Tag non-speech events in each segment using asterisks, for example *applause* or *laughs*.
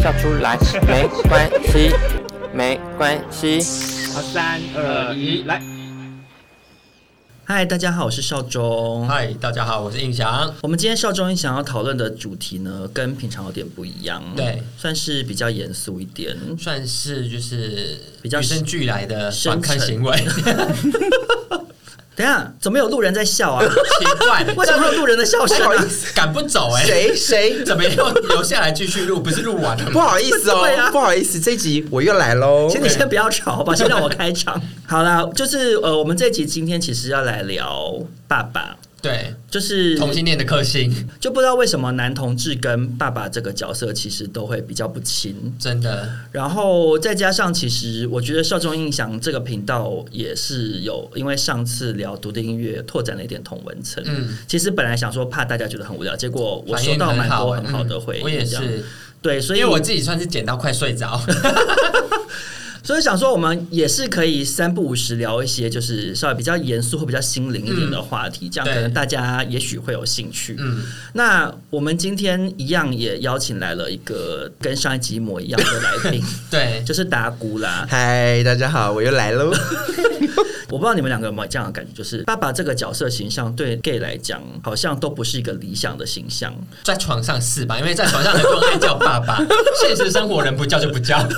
笑出來沒關係，沒關係。沒關係，好，三二一，來。嗨，大家好，我是劭中。嗨，大家好，我是胤翔。我們今天劭中胤翔要討論的主題呢，跟平常有點不一樣，對，算是比較嚴肅一點，算是就是比較與生俱來的傷害行為。 *laughs* 等下，怎麼有路人在笑啊？奇怪，為什麼有路人的笑聲、啊？不好意思，趕不走哎、欸，誰誰怎麼又留下來繼續錄？ *laughs* 不是錄完了嗎？不好意思哦、喔，對啊、不好意思，這一集我又來嘍。請你先不要吵好不好，對先讓我開場。 *laughs* 好啦，就是呃，我們這一集今天其實要來聊爸爸。對，就是同性戀的克星，就不知道為什麼男同志跟爸爸這個角色其實都會比較不親，真的。然後再加上，其實我覺得劭中胤翔這個頻道也是有，因為上次聊獨立音樂，拓展了一點同溫層。嗯，其實本來想說怕大家覺得很無聊，結果我收到蠻多很、很好的回應、嗯，我也是。對，所以我自己算是剪到快睡着。 *laughs* 所以想說，我們也是可以三不五時聊一些，就是稍微比較嚴肅或比較心靈一點的話題，嗯、這樣可能大家也許會有興趣。嗯，那我們今天一樣也邀請來了一個跟上一集一模一樣的來賓， *laughs* 對，就是達菇啦。嗨，大家好，我又來嘍。 *laughs* 我不知道你們兩個有沒有這樣的感覺，就是爸爸這個角色形象對 gay 來講好像都不是一個理想的形象，在床上是吧？因為在床上很愛叫爸爸， *laughs* 現實生活人不叫就不叫。 *laughs*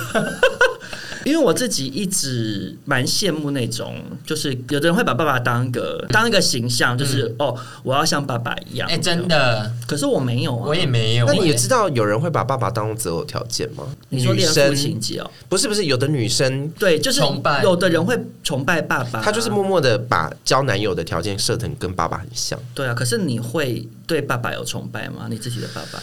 因為我自己一直蠻羨慕那種，就是有的人會把爸爸當個、嗯、當一個形象，就是、嗯、哦，我要像爸爸一樣。哎、欸，真的？可是我沒有啊，我也沒有。那你知道有人會把爸爸當擇偶條件嗎？女生情結哦，生不是不是，有的女生對，就是崇拜。有的人會崇拜爸爸，拜他就是默默的把交男友的條件設成跟爸爸很像。對啊，可是你會對爸爸有崇拜嗎？你自己的爸爸？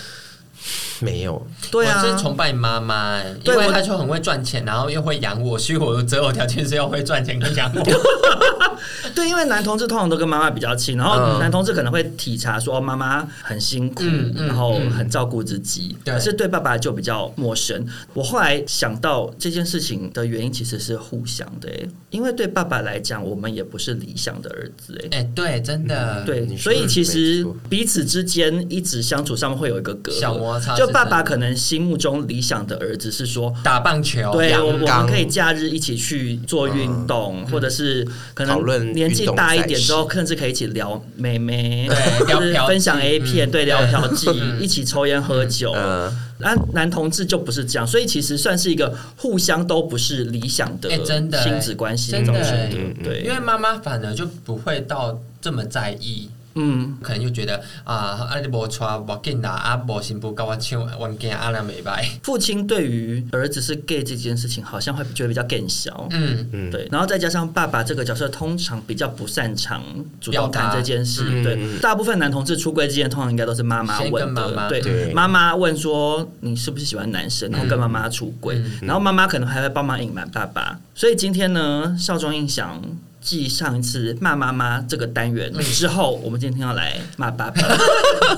沒有，對啊，我真崇拜媽媽，因為她就很會賺錢，然後又會養我，所以我的擇偶條件是要會賺錢跟養我。對，因為男同志通常都跟媽媽比較親，然後男同志可能會體察說媽媽很辛苦，然後很照顧自己，可是對爸爸就比較陌生。我後來想到這件事情的原因其實是互相的，因為對爸爸來講，我們也不是理想的兒子。哎，對，真的，對，所以其實彼此之間一直相處上面會有一個隔，小摩擦爸爸可能心目中理想的兒子是說打棒球，對，我們可以假日一起去做運動，或者是可能年紀大一點之後，甚至可以一起聊妹妹，對，聊聊分享 A 片，對，聊嫖妓，一起抽菸喝酒。那男同志就不是這樣，所以其實算是一個互相都不是理想的親子關係那種選擇。對，因為媽媽反而就不會到這麼在意。嗯，可能就覺得啊，阿弟冇穿冇見啦，阿冇先不跟我搶，我見阿亮美白。父親對於兒子是 gay 這件事情，好像會覺得比較更小。嗯嗯，對。然後再加上爸爸這個角色，通常比較不擅長主動談這件事。對，大部分男同志出櫃之前，通常應該都是媽媽問媽媽，對，媽媽問說你是不是喜歡男生，然後跟媽媽出櫃，然後媽媽可能還會幫忙隱瞞爸爸。所以今天呢，劭中胤翔，繼上一次罵媽媽這個單元之後，我們今天要來罵爸爸，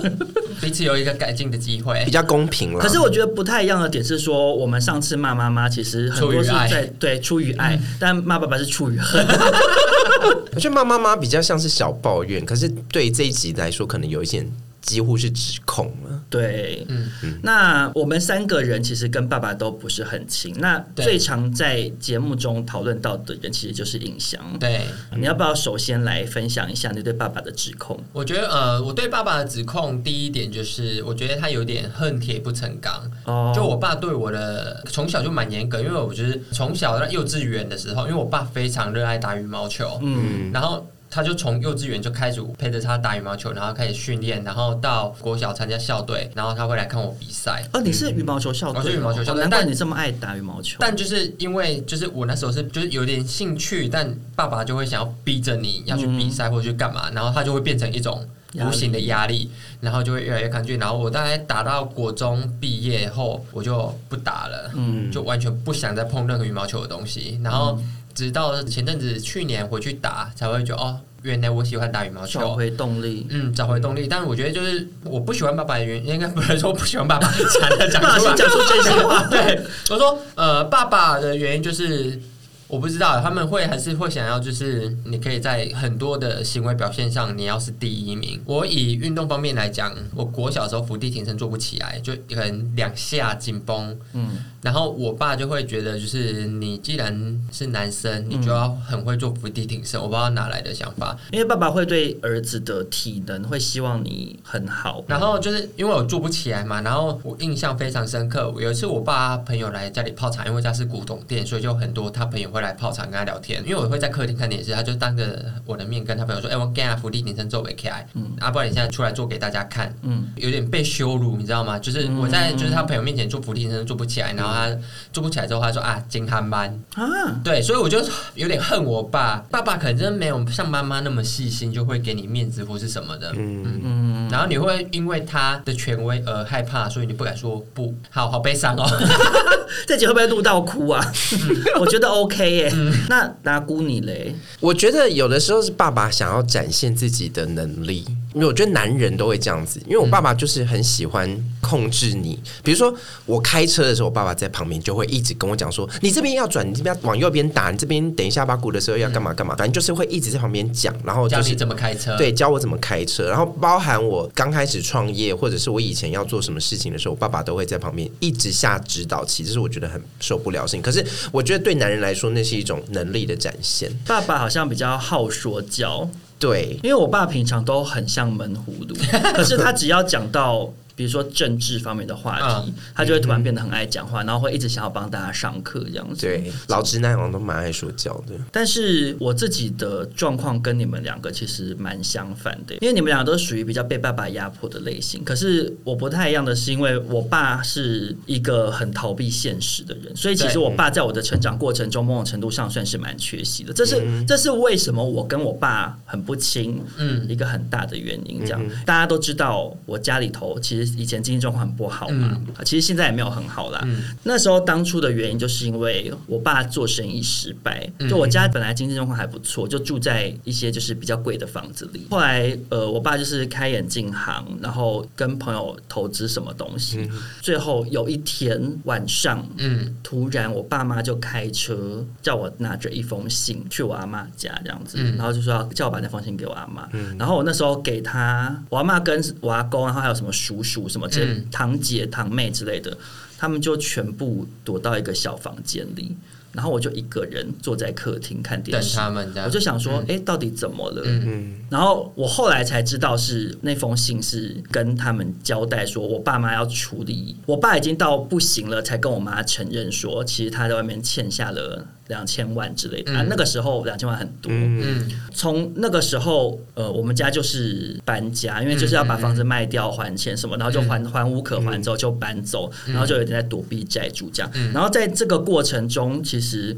嗯、 *laughs* 彼此有一個改進的機會，比較公平了。可是我覺得不太一樣的點是說，我們上次罵媽媽，其實很多是在出於愛，對出於愛，嗯、但罵爸爸是出於恨。我覺得罵媽媽比較像是小抱怨，可是對這一集來說，可能有一些。幾乎是指控了，對，嗯，那我們三個人其實跟爸爸都不是很親。嗯、那最常在節目中討論到的人其實就是胤翔對，你要不要首先來分享一下你對爸爸的指控？我覺得，呃，我對爸爸的指控第一點就是，我覺得他有點恨鐵不成鋼。哦，就我爸對我的從小就蠻嚴格，因為我覺得從小在幼稚園的時候，因為我爸非常熱愛打羽毛球，嗯，然後。他就從幼稚園就開始陪着他打羽毛球，然後開始訓練，然後到國小參加校隊，然後他會來看我比賽。哦，你是羽毛球校隊嗎？嗯、我是羽毛球校隊。哦。難怪你這麼愛打羽毛球。但，但就是因為就是我那時候是就是有點興趣，但爸爸就會想要逼着你要去比賽或者去幹嘛，嗯、然後他就會變成一種無形的壓力，壓力。然後就會越來越抗拒。然後我大概打到國中畢業後，我就不打了，嗯，就完全不想再碰任何羽毛球的東西，然後。嗯直到前陣子，去年回去打才會覺得哦，原來我喜歡打羽毛球。找回動力，嗯，找回動力。但我覺得就是我不喜歡爸爸的原因，應該不是說不喜歡爸爸的。講講、 *laughs* 啊、出真心話，對， *laughs* 我說呃，爸爸的原因就是我不知道他們會還是會想要，就是你可以在很多的行為表現上，你要是第一名。我以運動方面來講，我國小時候伏地挺身做不起來，就可能兩下緊繃，嗯。然後我爸就會覺得，就是你既然是男生，你就要很會做伏地挺身。我不知道哪來的想法，因為爸爸會對兒子的體能會希望你很好。嗯、然後就是因為我做不起來嘛，然後我印象非常深刻。有一次我爸朋友來家裡泡茶，因為家是古董店，所以就很多他朋友會來泡茶跟他聊天。因為我會在客廳看電視，他就當着我的面跟他朋友說：“哎、欸，我幹他伏地挺身做不起來，嗯啊、不然你現在出來做給大家看，嗯，有點被羞辱，你知道嗎？就是我在嗯嗯就是他朋友面前做伏地挺身做不起來，然後。”他做不起來之後，他說啊，煎他班啊，對，所以我就有點恨我爸。爸爸可能真的沒有像媽媽那麼細心，就會給你面子或是什麼的。嗯嗯,嗯然後你會因為他的權威而害怕，所以你不敢說不好，好悲傷哦、喔。 *laughs* 這集會不會錄到哭啊？ *laughs* 我覺得 OK 耶、欸。 *laughs* 那達菇你嘞？我覺得有的時候是爸爸想要展現自己的能力，因為我覺得男人都會這樣子。因為我爸爸就是很喜歡控制你，比如說我開車的時候，我爸爸。在旁邊就會一直跟我講說，你這邊要轉，你這邊往右邊打，你這邊等一下把鼓的時候要幹嘛幹嘛，嗯、反正就是會一直在旁邊講，然後、就是、教你怎麼開車，對，教我怎麼開車，然後包含我剛開始創業或者是我以前要做什麼事情的時候，我爸爸都會在旁邊一直下指導棋、就是我覺得很受不了事情。可是我覺得對男人來說，那是一種能力的展現。爸爸好像比較好說教，對，因為我爸平常都很像悶葫蘆。 *laughs* 可是他只要講到。比如說政治方面的話題，他就會突然變得很愛講話，然後會一直想要幫大家上課這樣子。對，老直男都蠻愛說教的。但是我自己的狀況跟你們兩個其實蠻相反的，因為你們兩個都屬於比較被爸爸壓迫的類型，可是我不太一樣的是，因為我爸是一個很逃避現實的人，所以其實我爸在我的成長過程中，某種程度上算是蠻缺席的。這是這是為什麼我跟我爸很不親，嗯，一個很大的原因。這樣大家都知道，我家裡頭其實。以前經濟狀況很不好嘛，嗯、其實現在也沒有很好啦。嗯、那時候當初的原因就是因為我爸做生意失敗，嗯、就我家本來經濟狀況還不錯，就住在一些就是比較貴的房子裡。後來呃，我爸就是開眼鏡行，然後跟朋友投資什麼東西。嗯、最後有一天晚上，嗯，突然我爸媽就開車叫我拿着一封信去我阿媽家這樣子，嗯、然後就說要叫我把那封信給我阿媽。嗯、然後我那時候給他，我阿媽跟我阿公，然後還有什麼叔叔。什麼這些？姐、嗯、堂姐、堂妹之類的，他們就全部躲到一個小房間裡，然後我就一個人坐在客廳看電視。他們在，我就想說，哎、嗯欸，到底怎麼了？嗯嗯，然後我後來才知道是那封信是跟他們交代說，我爸媽要處理。我爸已經到不行了，才跟我媽承認說，其實他在外面欠下了。兩千萬之類的、嗯、啊，那個時候兩千萬很多。從、嗯嗯、那個時候，呃，我們家就是搬家，因為就是要把房子賣掉還錢什麼，嗯嗯、然後就還還無可還之後、嗯、就搬走，然後就有點在躲避債主這樣。嗯、然後在這個過程中，其實。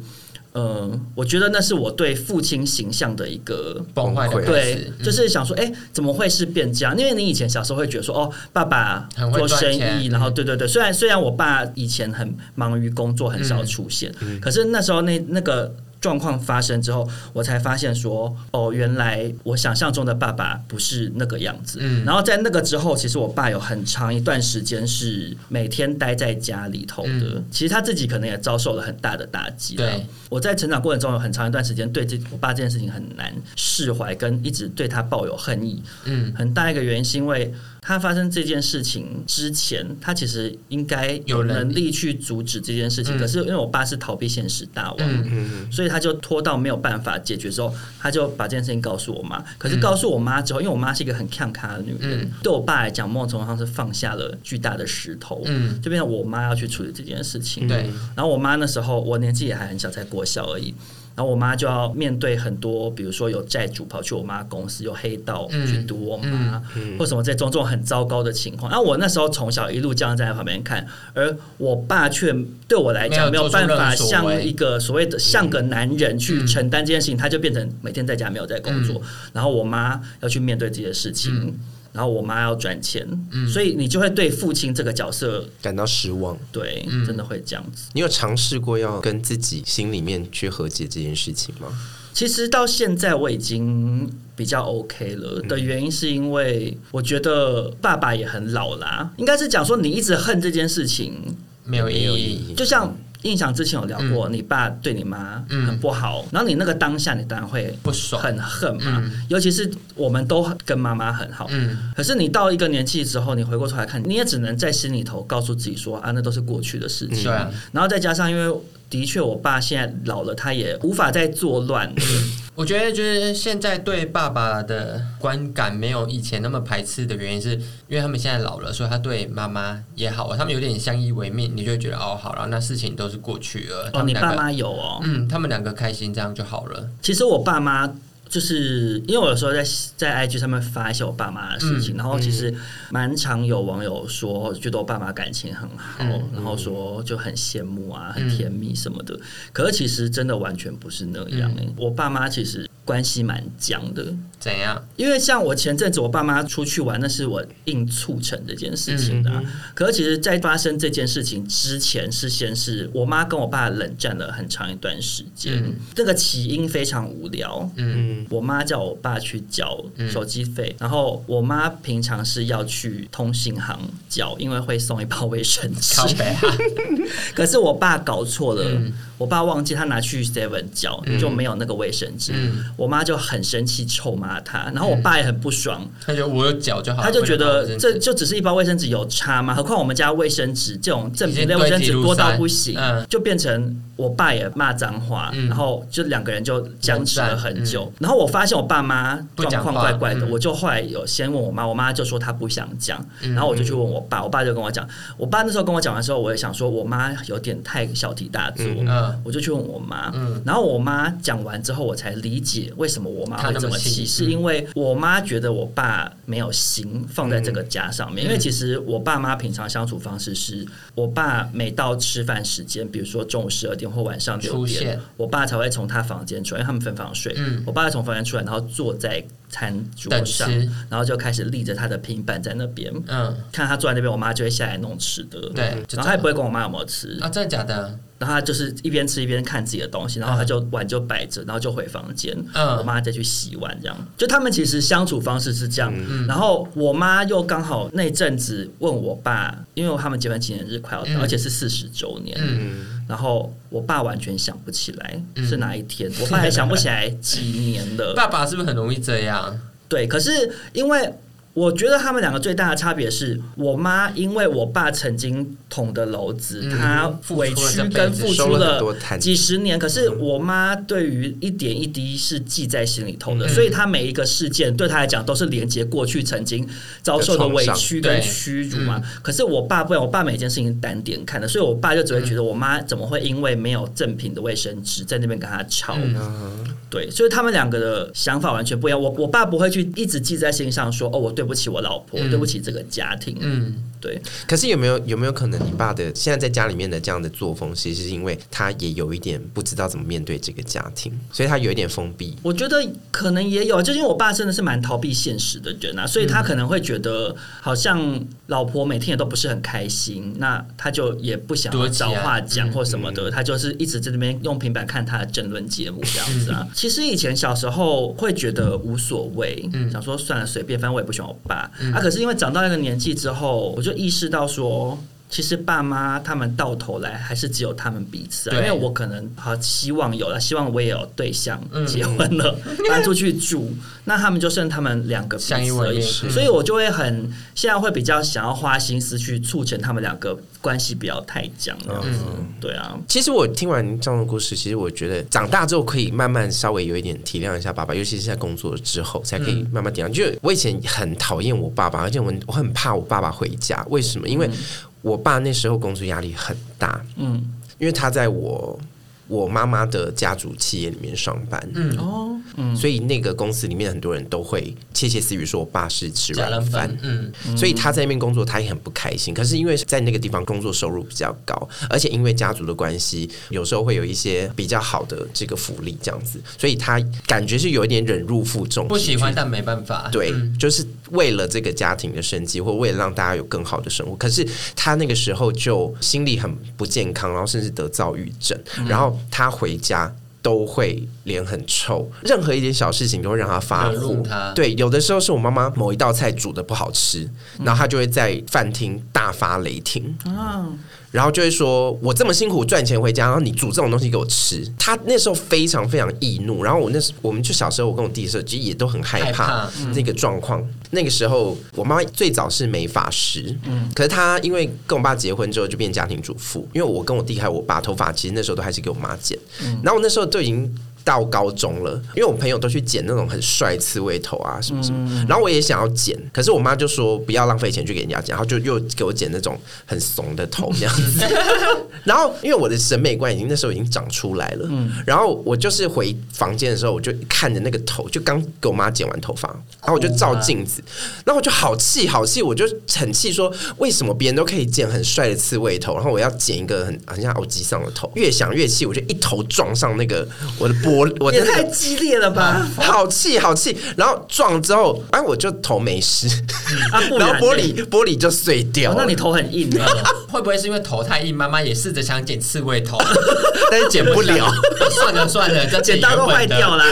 嗯，我覺得那是我對父親形象的一個崩壞。對，就是想說，哎、欸，怎麼會是變這樣？因為你以前小時候會覺得說，哦，爸爸很會做生意，然後對對對，雖然雖然我爸以前很忙於工作，很少出現，嗯嗯、可是那時候那那個。狀況發生之後，我才發現說，哦，原來我想象中的爸爸不是那個樣子。嗯，然後在那個之後，其實我爸有很長一段時間是每天待在家裡頭的。嗯，其實他自己可能也遭受了很大的打擊。對，我在成長過程中有很長一段時間對這我爸這件事情很難釋懷，跟一直對他抱有恨意。嗯，很大一個原因是因為。他發生這件事情之前，他其實應該有能力去阻止這件事情。可是因為我爸是逃避現實大王，嗯嗯嗯、所以他就拖到沒有辦法解決之後，他就把這件事情告訴我媽。可是告訴我媽之後，嗯、因為我媽是一個很看開的女人，嗯、對我爸來講，某種程度上是放下了巨大的石頭，嗯、就變成我媽要去處理這件事情，嗯。對，然後我媽那時候，我年紀也還很小，在國小而已。然後我媽就要面對很多，比如說有債主跑去我媽公司，有黑道去堵我媽，嗯嗯嗯、或者什麼這種、這種很糟糕的情況。那、啊、我那時候從小一路這樣站在旁邊看，而我爸卻對我來講沒有，沒有辦法像一個所謂的像個男人去承擔這件事情，嗯嗯、他就變成每天在家沒有在工作，嗯、然後我媽要去面對這些事情。嗯然後我媽要賺錢。嗯、所以你就會對父親這個角色感到失望。對，嗯、真的會這樣子。你有嘗試過要跟自己心裡面去和解這件事情嗎？其實到現在我已經比較 OK 了，的原因是因為我覺得爸爸也很老啦，嗯、應該是講說你一直恨這件事情沒有意義，就像。印象之前有聊過，嗯、你爸對你媽很不好，嗯、然後你那個當下，你當然會不爽，很恨嘛。嗯、尤其是我們都跟媽媽很好，嗯、可是你到一個年紀之後，你回過頭來看，你也只能在心裡頭告訴自己說啊，那都是過去的事情。嗯、然後再加上，因為的確我爸現在老了，他也無法再作亂了。嗯我覺得就是現在對爸爸的觀感沒有以前那麼排斥的原因，是因為他們現在老了，所以他對媽媽也好，他們有點相依為命，你就會覺得哦，好了，那事情都是過去了。哦、他們兩個，你爸媽有哦，嗯，他們兩個開心這樣就好了。其實我爸媽。就是因為我有時候在在 IG 上面發一些我爸媽的事情，嗯、然後其實蠻常有網友說覺得我爸媽感情很好，嗯、然後說就很羨慕啊，很甜蜜什麼的。嗯、可是其實真的完全不是那樣，嗯、我爸媽其實關係蠻僵的。怎樣？因為像我前陣子，我爸媽出去玩，那是我硬促成這件事情的。可是，其實在發生這件事情之前，是先是我媽跟我爸冷戰了很長一段時間。這個起因非常無聊。嗯，我媽叫我爸去繳手機費，然後我媽平常是要去通信行繳，因為會送一包衛生紙。可是我爸搞錯了，我爸忘記他拿去 Seven 繳，就沒有那個衛生紙。我媽就很生氣，臭罵他，然後我爸也很不爽，他就我腳就好，他就覺得這就只是一包衛生紙有差嗎？何況我們家衛生紙這種正品衛生紙多到不行，就變成。我爸也罵髒話，嗯、然後就兩個人就僵持了很久。嗯、然後我發現我爸媽狀況怪怪的，嗯、我就後來有先問我媽，我媽就說她不想講。嗯、然後我就去問我爸，我爸就跟我講，我爸那時候跟我講完之後，我也想說我媽有點太小題大做。嗯、呃、我就去問我媽，嗯、然後我媽講完之後，我才理解為什麼我媽會這麼氣，麼是因為我媽覺得我爸沒有心放在這個家上面。嗯、因為其實我爸媽平常相處方式是，我爸每到吃飯時間，比如說中午十二點。或晚上九點，現我爸才會從他房間出來，因為他們分房睡。嗯、我爸從房間出來，然後坐在餐桌上，然後就開始立着他的平板在那邊，嗯，看他坐在那邊，我媽就會下來弄吃的，對，然後他也不會管我媽有沒有吃，啊，真的假的？然後他就是一邊吃一邊看自己的東西，然後他就碗就擺着然後就回房間，嗯，我媽再去洗碗，這樣。就他們其實相處方式是這樣，然後我媽又剛好那陣子問我爸，因為他們結婚紀念日快要，而且是四十周年，嗯，然後我爸完全想不起來是哪一天，我爸也想不起來幾年了， *laughs* 爸爸是不是很容易這樣？.對，可是因為。我覺得他們兩個最大的差別是我媽，因為我爸曾經捅的簍子，他、嗯、委屈跟付出了幾十年，嗯、可是我媽對於一點一滴是記在心裡頭的，嗯、所以她每一個事件對她來講都是連接過去曾經遭受的委屈跟屈辱嘛。可是我爸不然，我爸每件事情單點看的，所以我爸就只會覺得我媽怎麼會因為沒有正品的衛生紙在那邊跟她吵？嗯、對，所以他們兩個的想法完全不一樣。我我爸不會去一直記在心上說哦，我對。對不起，我老婆，嗯、對不起這個家庭。嗯對，可是有沒有有沒有可能，你爸的現在在家裡面的這樣的作風，其實是因為他也有一點不知道怎麼面對這個家庭，所以他有一點封閉。我覺得可能也有，就因為我爸真的是蠻逃避現實的人啊，所以他可能會覺得好像老婆每天也都不是很開心，那他就也不想要找話講或什麼的，他就是一直在那邊用平板看他的爭論節目這樣子啊。 *laughs* 其實以前小時候會覺得無所謂，嗯，想說算了隨便，反正我也不喜歡我爸啊。可是因為長到那個年紀之後，我就。意識到說，其實爸媽他們到頭來還是只有他們彼此對，因為我可能好希望有了，希望我也有對象結婚了嗯嗯搬出去住， *laughs* 那他們就剩他們兩個相依為命，所以我就會很現在會比較想要花心思去促成他們兩個關係，不要太僵。嗯，嗯，對啊。其實我聽完這樣的故事，其實我覺得長大之後可以慢慢稍微有一點體諒一下爸爸，尤其是在工作之後才可以慢慢體諒。就、嗯、我以前很討厭我爸爸，而且我很我很怕我爸爸回家，為什麼？因為我爸那時候工作壓力很大，嗯，因為他在我我媽媽的家族企業裡面上班，嗯哦，嗯，所以那個公司裡面很多人都會竊竊私語說，我爸是吃軟飯，嗯，所以他在那邊工作，他也很不開心。嗯、可是因為在那個地方工作收入比較高，而且因為家族的關係，有時候會有一些比較好的這個福利，這樣子，所以他感覺是有一點忍辱負重，不喜歡對但沒辦法，對、嗯，就是為了這個家庭的生計，或為了讓大家有更好的生活。可是他那個時候就心理很不健康，然後甚至得躁鬱症，嗯、然後。他回家都會臉很臭，任何一點小事情都會讓他發怒。他、嗯嗯、對，有的時候是我媽媽某一道菜煮的不好吃，然後他就會在飯廳大發雷霆。嗯。然後就會說，我這麼辛苦賺錢回家，然後你煮這種東西給我吃。他那時候非常非常易怒，然後我那時我們就小時候，我跟我弟的時候其實也都很害怕那個狀況。嗯、那個時候，我媽最早是美髮師，嗯、可是她因為跟我爸結婚之後就變家庭主婦，因為我跟我弟還有我爸頭髮，其實那時候都還是給我媽剪，嗯、然後我那時候都已經。到高中了，因為我朋友都去剪那種很帥刺蝟頭啊，什麼什麼，嗯、然後我也想要剪，可是我媽就說不要浪費錢去給人家剪，然後就又給我剪那種很慫的頭這樣子。 *laughs* 然後因為我的審美觀已經那時候已經長出來了，嗯、然後我就是回房間的時候，我就看着那個頭，就剛給我媽剪完頭髮，然後我就照鏡子，哇然後我就好氣好氣，我就很氣說，為什麼別人都可以剪很帥的刺蝟頭，然後我要剪一個很很像歐吉桑的頭？越想越氣，我就一頭撞上那個我的。我也太激烈了吧！好氣好氣，然後撞之後，哎，我就頭沒事，然後玻璃玻璃就碎掉。那你頭很硬嗎？會不會是因為頭太硬？媽媽也試着想剪刺蝟頭，但是剪不了。算了算了，剪刀都壞掉了。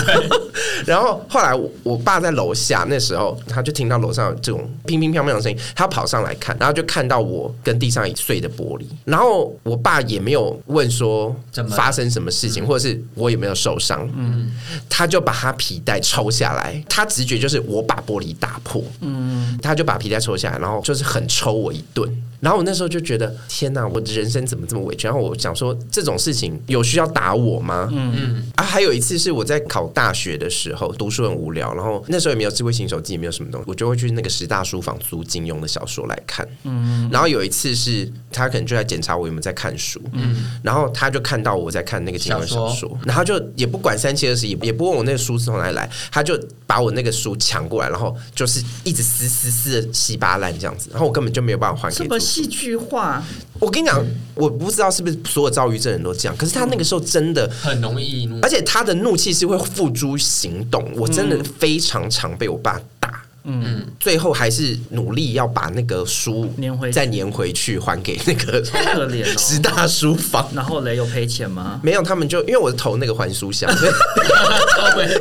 然後後來我爸在樓下，那時候他就聽到樓上有這種乒乒乓乓的聲音，他跑上來看，然後就看到我跟地上一碎的玻璃。然後我爸也沒有問說怎麼發生什麼事情，或者是我有沒有受傷。嗯，他就把他皮帶抽下來，他直覺就是我把玻璃打破，嗯，他就把皮帶抽下來，然後就是很抽我一頓，然後我那時候就覺得天哪，啊，我的人生怎麼這麼委屈？然後我想說這種事情有需要打我嗎？嗯嗯啊，還有一次是我在考大學的時候讀書很無聊，然後那時候也沒有智慧型手機，也沒有什麼東西，我就會去那個十大書房租金庸的小說來看，嗯，然後有一次是他可能就在檢查我有沒有在看書，嗯，然後他就看到我在看那個金庸小說，然後就也不。不管三七二十一，也不問我那個書是從哪裡來，他就把我那個書搶過來，然後就是一直撕撕撕的稀巴爛這樣子，然後我根本就沒有辦法還給他。這麼戲劇化，我跟你講，我不知道是不是所有躁鬱症人都這樣，可是他那個時候真的很容易，而且他的怒氣是會付諸行動。我真的非常常被我爸打。嗯，最後還是努力要把那個書粘回，再粘回去還給那個，好可憐哦！十大書房，然、嗯哦、後雷有賠錢嗎？沒有，他們就因為我是投那個還書箱， *laughs*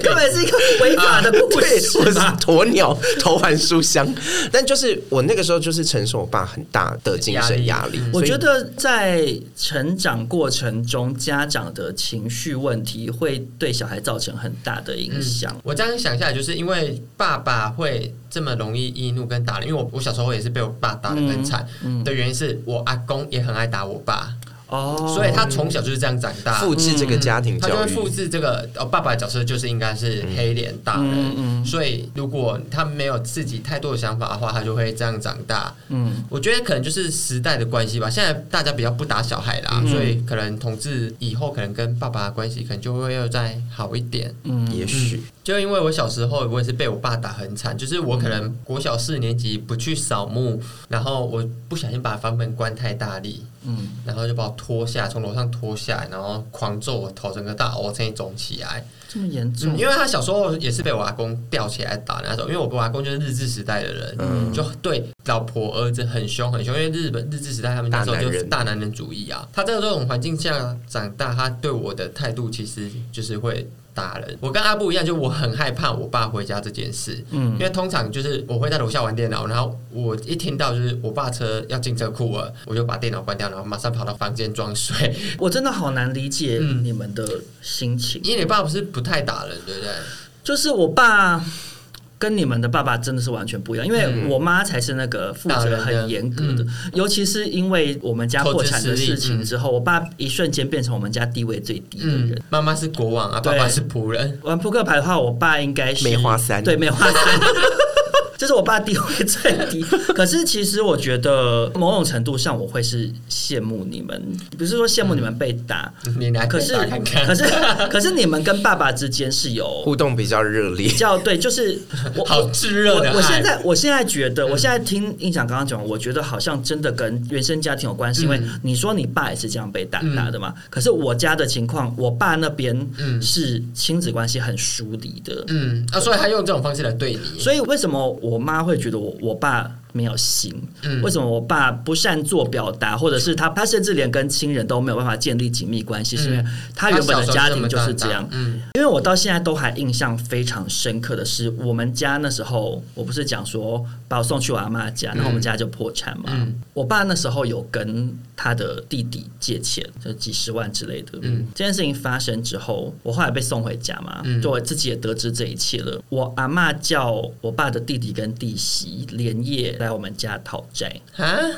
根本是一個違法的不會、啊、我是鴕鳥投還書箱。 *laughs* 但就是我那個時候就是承受我爸很大的精神壓力。力嗯、以我覺得在成長過程中，家長的情緒問題會對小孩造成很大的影響、嗯。我這樣想下來，就是因為爸爸會。這麼容易易怒跟打人，因為我我小時候也是被我爸打的很慘，的、嗯嗯、原因是我阿公也很愛打我爸。哦，oh, 所以他從小就是這樣長大，複制這個家庭、嗯、他就會複制這個哦，爸爸的角色就是應該是黑臉大人，嗯、所以如果他沒有自己太多的想法的話，他就會這樣長大。嗯，我覺得可能就是時代的關係吧，現在大家比較不打小孩啦，嗯、所以可能同志以後可能跟爸爸的關係可能就會要再好一點。嗯，也許、嗯、就因為我小時候我也是被我爸打很慘，就是我可能國小四年級不去掃墓，然後我不小心把房門關太大力。嗯，然後就把我拖下，從樓上拖下來，然後狂揍我頭，整個大額頭腫起來，這麼嚴重。因為他小時候也是被我阿公吊起來打的那種，因為我阿公就是日治時代的人，嗯、就對老婆兒子很凶很凶，因為日本日治時代他們那時候就是大男人主義啊。他在這種環境下長大，他對我的態度其實就是會。打人，我跟阿布一樣，就我很害怕我爸回家這件事。嗯，因為通常就是我會在樓下玩電腦，然後我一聽到就是我爸車要進車庫了，我就把電腦關掉，然後馬上跑到房間裝睡。我真的好難理解你們的心情。嗯，因為你爸不是不太打人，對不對？就是我爸。跟你們的爸爸真的是完全不一樣，因為我媽才是那個負責很嚴格的，嗯嗯、尤其是因為我們家破產的事情之後，嗯、我爸一瞬間變成我們家地位最低的人。嗯、媽媽是國王啊，對爸爸是僕人。玩撲克牌的話，我爸應該是梅花三，對，梅花三。 *laughs* 就是我爸地位最低， *laughs* 可是其實我覺得某種程度上我會是羨慕你們，不是說羨慕你們被打，嗯、你打看看，可是可是可是你們跟爸爸之間是有互動比較熱烈，比較對，就是我好炙熱的愛我，我現在我現在覺得，嗯、我現在聽胤翔剛剛講，我覺得好像真的跟原生家庭有關係，嗯、因為你說你爸也是這樣被打打的嘛，嗯、可是我家的情況，我爸那邊是親子關係很疏離的，嗯，嗯啊，所以他用這種方式來對你，所以為什麼我。我媽會覺得我，我爸，沒有心，為什麼我爸不擅做表達，嗯、或者是他，他甚至連跟親人都沒有辦法建立緊密關係，嗯、是因為他原本的家庭就是這樣。這嗯，因為我到現在都還印象非常深刻的是，我們家那時候，我不是講說把我送去我阿媽家，然後我們家就破產嘛。嗯嗯、我爸那時候有跟他的弟弟借錢，就幾十萬之類的。嗯，這件事情發生之後，我後來被送回家嘛，就我自己也得知這一切了。我阿媽叫我爸的弟弟跟弟媳連夜，來我們家討債啊！蛤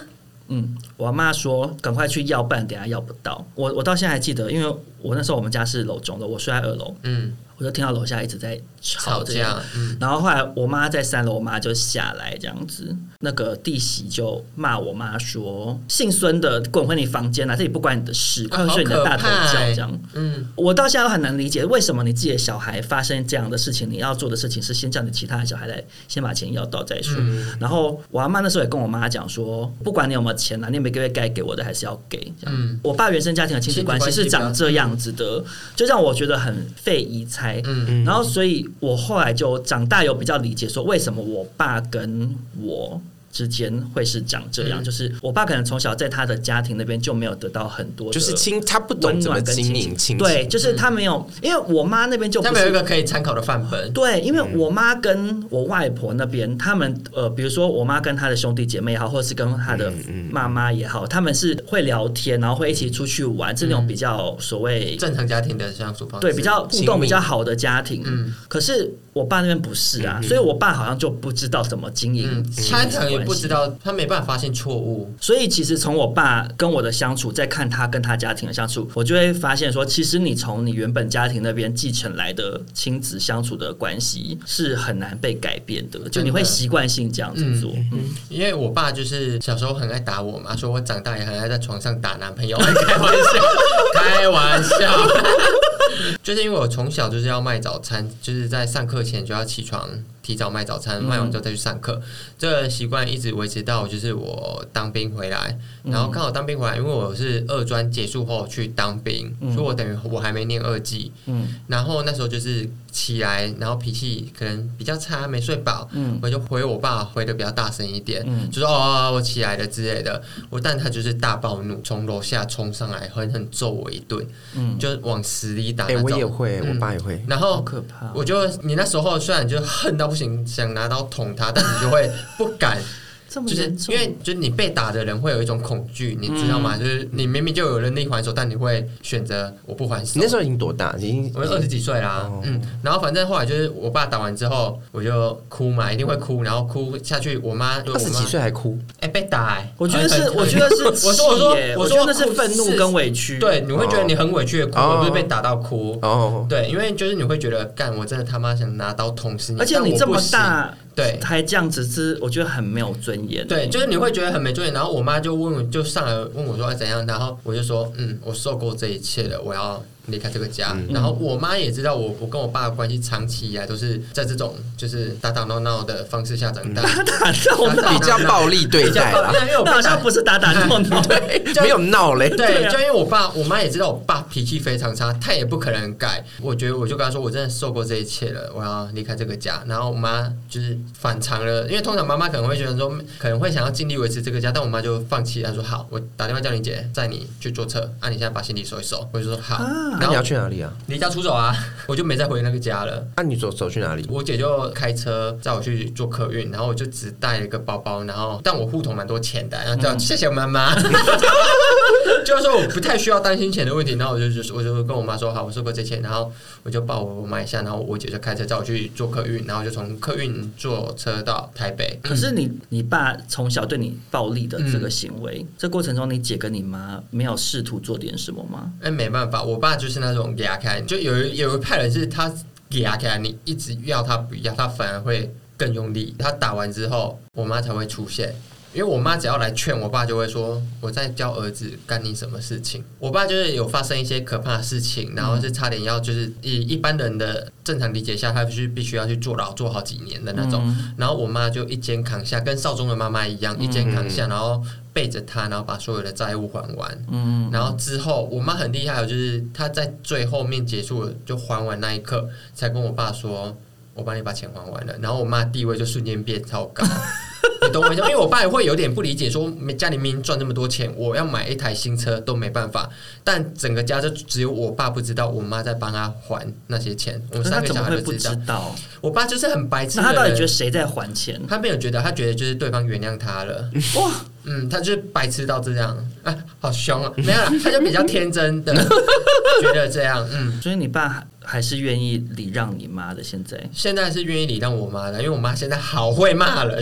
嗯，我媽說趕快去要，不然等下要不到。我我到現在還記得，因為我那時候我們家是樓中的，我睡在二樓。嗯。我就聽到樓下一直在吵，吵架，啊嗯、然後後來我媽在三樓，我媽就下來這樣子，那個弟媳就罵我媽說：“姓孫的，滾回你房間來、啊，這裡不關你的事，快睡你的大頭覺。”這樣，嗯，我到現在都很難理解，為什麼你自己的小孩發生這樣的事情，嗯、你要做的事情是先叫你其他的小孩來先把錢要到再說。嗯、然後我阿嬤那時候也跟我媽講說：“不管你有沒有錢了、啊，你每個月該給我的還是要給。”這樣，嗯、我爸原生家庭的親子關係是長這樣子的，就讓我覺得很費疑猜。嗯，嗯，然後所以我後來就長大有比較理解，說為什麼我爸跟我之間會是長這樣，嗯、就是我爸可能從小在他的家庭那邊就沒有得到很多，就是親他不懂怎麼經營，對，就是他沒有，因為我媽那邊就不是，他沒有一個可以參考的範本，對，因為我媽跟我外婆那邊，他們呃，比如說我媽跟她的兄弟姐妹也好，或者是跟她的媽媽也好，他們是會聊天，然後會一起出去玩，是那種比較所謂正常家庭的相處方式，對，比較互動比較好的家庭。嗯民，可是我爸那邊不是啊，所以我爸好像就不知道怎麼經營家庭。嗯經不知道他沒辦法發現錯誤，所以其實從我爸跟我的相處，再看他跟他家庭的相處，我就會發現說，其實你從你原本家庭那邊繼承來的親子相處的關係是很難被改變的，就你會習慣性這樣子做。嗯，嗯，因為我爸就是小時候很愛打我嘛，說我長大也很愛在床上打男朋友，開玩笑， *laughs* 開玩笑， *laughs* 就是因為我從小就是要賣早餐，就是在上課前就要起床。提早賣早餐，賣完之後再去上課，嗯、這習慣一直維持到就是我當兵回來，嗯、然後剛好當兵回來，因為我是二專結束後去當兵，嗯、所以我等於我還沒念二技，嗯，然後那時候就是。起來，然後脾氣可能比較差，沒睡飽，嗯、我就回我爸，回的比較大聲一點，嗯、就說、哦：“哦，哦，我起來了之類的。”我但他就是大暴怒，從樓下衝上來，狠狠揍我一頓，嗯、就往死裡打。哎，欸、我也會，我爸也會。嗯、然後，我就你那時候雖然就恨到不行，想拿刀捅他，但你就會不敢。就是，因為就是你被打的人會有一種恐懼，你知道嗎？就是你明明就有能力還手，但你會選擇我不還手。你那時候已經多大？已經我二十幾歲啦。嗯，然後反正後來就是我爸打完之後，我就哭嘛，一定會哭，然後哭下去。我媽二十幾歲還哭？哎，被打，我覺得是，我覺得是，我說，我說，我說的是憤怒跟委屈。對，你會覺得你很委屈的哭，而不是被打到哭。哦，對，因為就是你會覺得，幹，我真的他媽想拿刀捅死你。而且你這麼大，對，才這樣子，吃，我覺得很沒有尊對，就是你會覺得很沒尊嚴，然後我媽就問，就上來問我說、啊、怎樣，然後我就說，嗯，我受夠這一切了，我要。離開這個家，嗯、然後我媽也知道我，我跟我爸的關係長期以來都是在這種就是打打鬧鬧的方式下長大，嗯、打打鬧比較暴力對待、啊，沒有好像不是打打鬧鬧對，沒有鬧嘞，對，就因為我爸我媽也知道我爸脾氣非常差，他也不可能改。我覺得我就跟他說，我真的受夠這一切了，我要離開這個家。然後我媽就是反常了，因為通常媽媽可能會覺得說，可能會想要盡力維持這個家，但我媽就放棄，她說好，我打電話叫你姐載你去坐車，按、啊、你現在把行李收一收。我就說好。啊那、啊、你要去哪裡啊？離家出走啊！我就沒再回那個家了。那、啊、你走走去哪裡？我姐就開車載我去坐客運，然後我就只帶了一個包包，然後但我戶頭蠻多錢的，然後就謝謝媽媽。就是說我不太需要擔心錢的問題，然後我就就我就跟我媽說好，我收夠這錢，然後我就抱我媽一下，然後我姐就開車載我去坐客運，然後就從客運坐車到台北。可是你你爸從小對你暴力的這個行為，嗯，這過程中你姐跟你媽沒有試圖做點什麼嗎？誒，沒辦法，我爸就是那種給阿開，就有一有一派人是他給阿開，你一直要他不要，他反而會更用力。他打完之後，我媽才會出現。因為我媽只要來勸我爸，就會說我在教兒子，干你什麼事情。我爸就是有發生一些可怕的事情，然後是差點要，就是以一般人的正常理解下，他必須必須要去坐牢坐好幾年的那種。然後我媽就一肩扛下，跟劭中的媽媽一樣一肩扛下，然後背着他，然後把所有的債務還完。嗯，然後之後我媽很厲害，就是她在最後面結束就還完那一刻，才跟我爸說：“我幫你把錢還完了。”然後我媽地位就瞬間變超高。 *laughs* 懂我， *laughs* 因為我爸也會有點不理解，說家裡面賺那麼多錢，我要買一台新車都沒辦法。但整個家就只有我爸不知道，我媽在幫他還那些錢。我們三個小孩都不知道，我爸就是很白痴。他到底覺得誰在還錢？他沒有覺得，他覺得就是對方原諒他了。哇，嗯，他就是白痴到這樣，啊。好凶啊！沒有，他就比較天真的覺得這樣。嗯，所以你爸。還是願意禮讓你媽的，現在現在是願意禮讓我媽的，因為我媽現在好會罵人。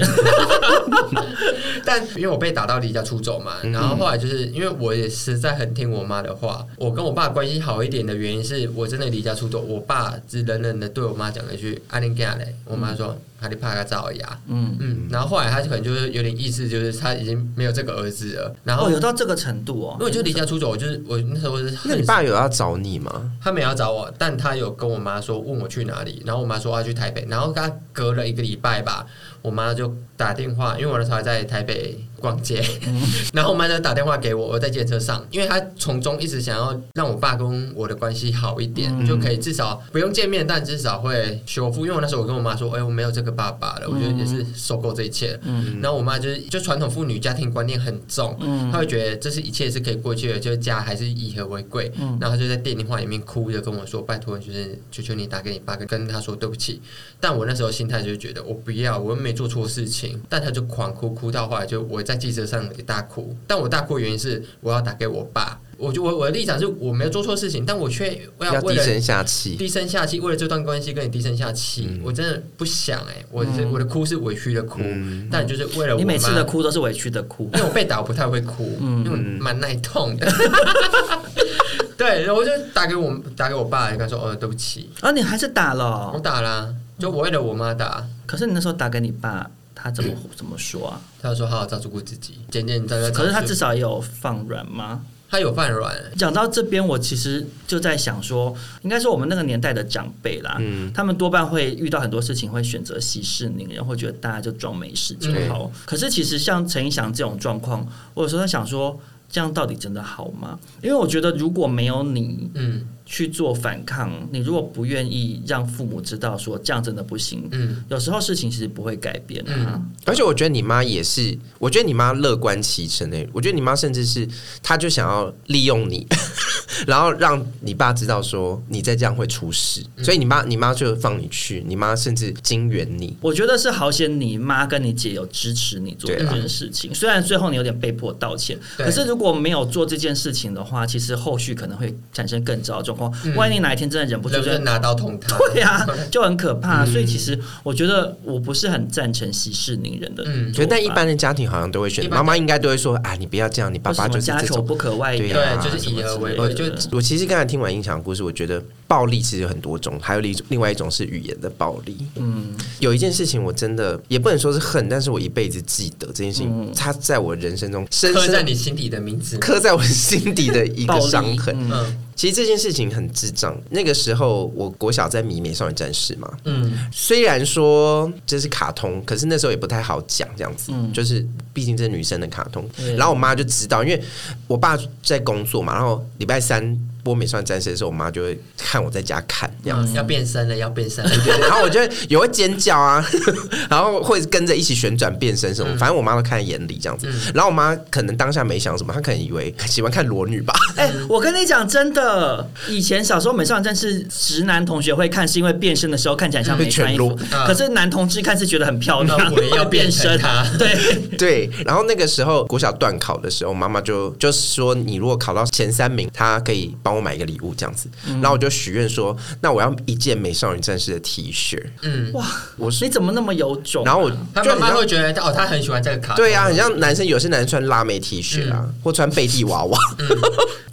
*laughs* *laughs* 但因為我被打到離家出走嘛，然後後來就是因為我也實在很聽我媽的話，我跟我爸關係好一點的原因是我真的離家出走，我爸只冷冷的對我媽講了一句阿玲干阿嘞，我媽說阿、啊、玲怕個炸牙，嗯嗯，然後後來他就可能就是有點意思，就是他已經沒有這個兒子了，然後有到這個程度哦，因為就離家出走，就是我那時候是，那你爸有要找你嗎？他沒有要找我，但他。有跟我媽說，問我去哪裡，然後我媽說我要去台北，然後她隔了一個禮拜吧，我媽就打電話，因為我那時候還在台北。逛街， *laughs* *laughs* 然後我媽就打電話給我，我在街車上，因為她從中一直想要讓我爸跟我的關係好一點，就可以至少不用見面，但至少會修復。因為我那時候我跟我媽說，哎，我沒有這個爸爸了，我覺得也是受夠這一切。嗯，然後我媽就是就傳統婦女家庭觀念很重，她會覺得這是一切是可以過去的，就是家還是以和為貴。嗯，然後她就在電話裡面哭着跟我說，拜託，就是求求你打給你爸，跟跟他說對不起。但我那時候心態就覺得我不要，我又沒做錯事情，但她就狂哭哭到後來就我。在記者上也大哭，但我大哭原因是我要打給我爸。我就我我的立場是我沒有做錯事情，但我卻要低聲下氣，低聲下氣，為了這段關係跟你低聲下氣，嗯、我真的不想哎、欸，我、嗯、我的哭是委屈的哭，嗯嗯、但就是為了我媽。你每次的哭都是委屈的哭，因為我被打我不太會哭，嗯、因為蠻耐痛的，嗯、 *laughs* *laughs* 對，我就打給我打給我爸，跟他說哦對不起，啊你還是打了。喔，我打了。啊，就我為了我媽打，可是你那時候打給你爸，他怎麼怎麼說啊？他說：“好好照顧自己，簡簡單單。可是他至少也有放軟嗎？他有放軟。講到這邊，我其實就在想說，應該是我們那個年代的長輩啦，他們多半會遇到很多事情，會選擇息事寧人，會覺得大家就裝沒事就好。可是其實像陳胤翔這種狀況，我有時候在想說這樣到底真的好嗎？因為我覺得如果沒有你，嗯。”去做反抗，你如果不願意讓父母知道說這樣真的不行，嗯，有時候事情其實不會改變，嗯。對而且我覺得你媽也是，我覺得你媽樂觀其成呢、欸。我覺得你媽甚至是她就想要利用你， *laughs* 然後讓你爸知道說你再這樣，會出事，嗯、所以你媽你媽就放你去，你媽甚至金援你。我覺得是好險，你媽跟你姐有支持你做這件事情。吧雖然最後你有點被迫道歉，對可是如果沒有做這件事情的話，其實後續可能會產生更糟。重。萬一哪一天真的忍不住，就拿刀捅他，對啊，就很可怕。所以其實我覺得我不是很贊成息事寧人的，嗯，但一般的家庭好像都會選，媽媽應該都會說，哎，你不要這樣，你爸爸就是這種家醜不可外揚，對，就是以和為貴。就我其實剛才聽完音響的故事，我覺得暴力其實有很多種，還有一種，另外一種是語言的暴力。嗯，有一件事情我真的也不能說是恨，但是我一輩子記得這件事情，它在我人生中深深刻在你心底的名字，刻在我心底的一個傷痕。嗯。其實這件事情很智障。那個時候，我國小在迷美少女戰士嘛。嗯，雖然說這是卡通，可是那時候也不太好講這樣子。嗯，就是畢竟這是女生的卡通。嗯，然後我媽就知道，因為我爸在工作嘛。然後禮拜三。播美少女戰士的時候，我媽就會看我在家看這樣子，嗯、要變身了，要變身了。然後我就會尖叫啊，然後會跟着一起旋轉變身什麼，嗯、反正我媽都看在眼裡這樣子。嗯、然後我媽可能當下沒想什麼，她可能以為喜歡看裸女吧。哎、欸，我跟你講真的，以前小時候美少女戰士直男同學會看是因為變身的時候看起來像沒、嗯、全裸。可是男同志看是覺得很漂亮，嗯、我也要變，變身啊，對對。然後那個時候國小段考的時候，媽媽就就是說你如果考到前三名，她可以幫我買一個禮物，這樣子，然後我就許願說：“那我要一件美少女戰士的 T 恤。”嗯，哇，我說你怎麼那麼有種？然後我媽就會覺得哦，她很喜歡這個卡。對啊，你像男生有些男生穿辣妹 T 恤啊，或穿貝蒂娃娃。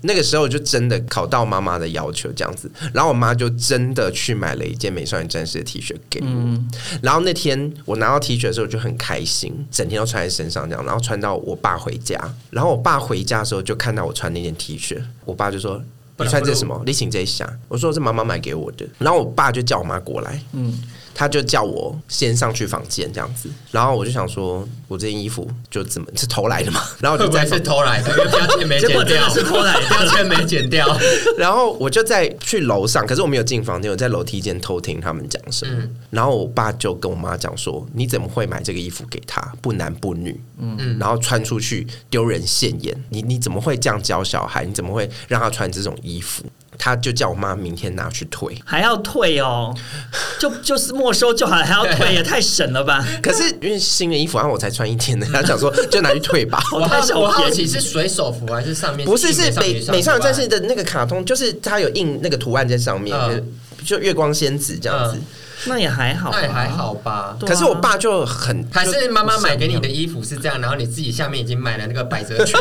那個時候我就真的考到媽媽的要求，這樣子，然後我媽就真的去買了一件美少女戰士的 T 恤給我。然後那天我拿到 T 恤的時候，我就很開心，整天都穿在身上這樣，然後穿到我爸回家，然後我爸回家的時候就看到我穿那件 T 恤，我爸就說。不你穿這是什麼？不不你請這一下，我說是媽媽買給我的，然後我爸就叫我媽過來。嗯。他就叫我先上去房間這樣子，然後我就想說，我這件衣服就怎麼是偷來的嗎？然後就再次偷來的，標籤沒剪掉，是偷來的，標籤沒剪掉。然後我就在去樓上，可是我沒有進房間，我在樓梯間偷聽他們講什麼。然後我爸就跟我媽講說：“你怎麼會買這個衣服給他？不男不女，嗯嗯，然後穿出去丟人現眼。你你怎麼會這樣教小孩？你怎麼會讓他穿這種衣服？”他就叫我媽明天拿去退，還要退哦，就就是沒收就好了，還要退也太神了吧！ *laughs* 可是因為新的衣服，啊，然後我才穿一天的，他想說就拿去退吧。 *laughs* 我太想，我好，我好奇是水手服，啊、你還是上面不是是美美少女戰士的那個卡通，就是它有印那個圖案在上面，uh. 就月光仙子這樣子。Uh. 那也還好，那也還好吧。可是我爸就很還是媽媽買給你的衣服是這樣，然後你自己下面已經買了那個百褶裙，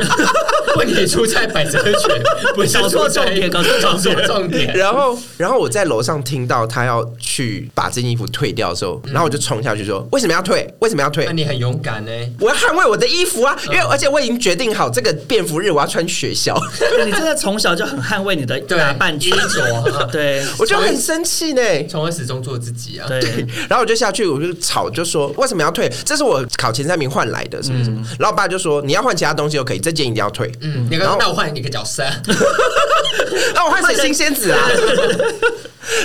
問題出在百褶裙。搞錯重點，搞錯重點。然後，然後我在樓上聽到他要去把這件衣服退掉的時候，然後我就衝下去說：“為什麼要退？為什麼要退？”那你很勇敢呢！我要捍衛我的衣服啊！因為而且我已經決定好這個便服日我要穿學校。你真的從小就很捍衛你的對啊半衣着，對我就很生氣呢，從而始終做自己。對、嗯，嗯、然後我就下去，我就吵，就說為什麼要退？這是我考前三名換來的，什麼什麼。然後我爸就說：“你要換其他東西都可以，這件一定要退。”嗯，你跟我換，你一個角色，那 *laughs* 我換神仙子啊。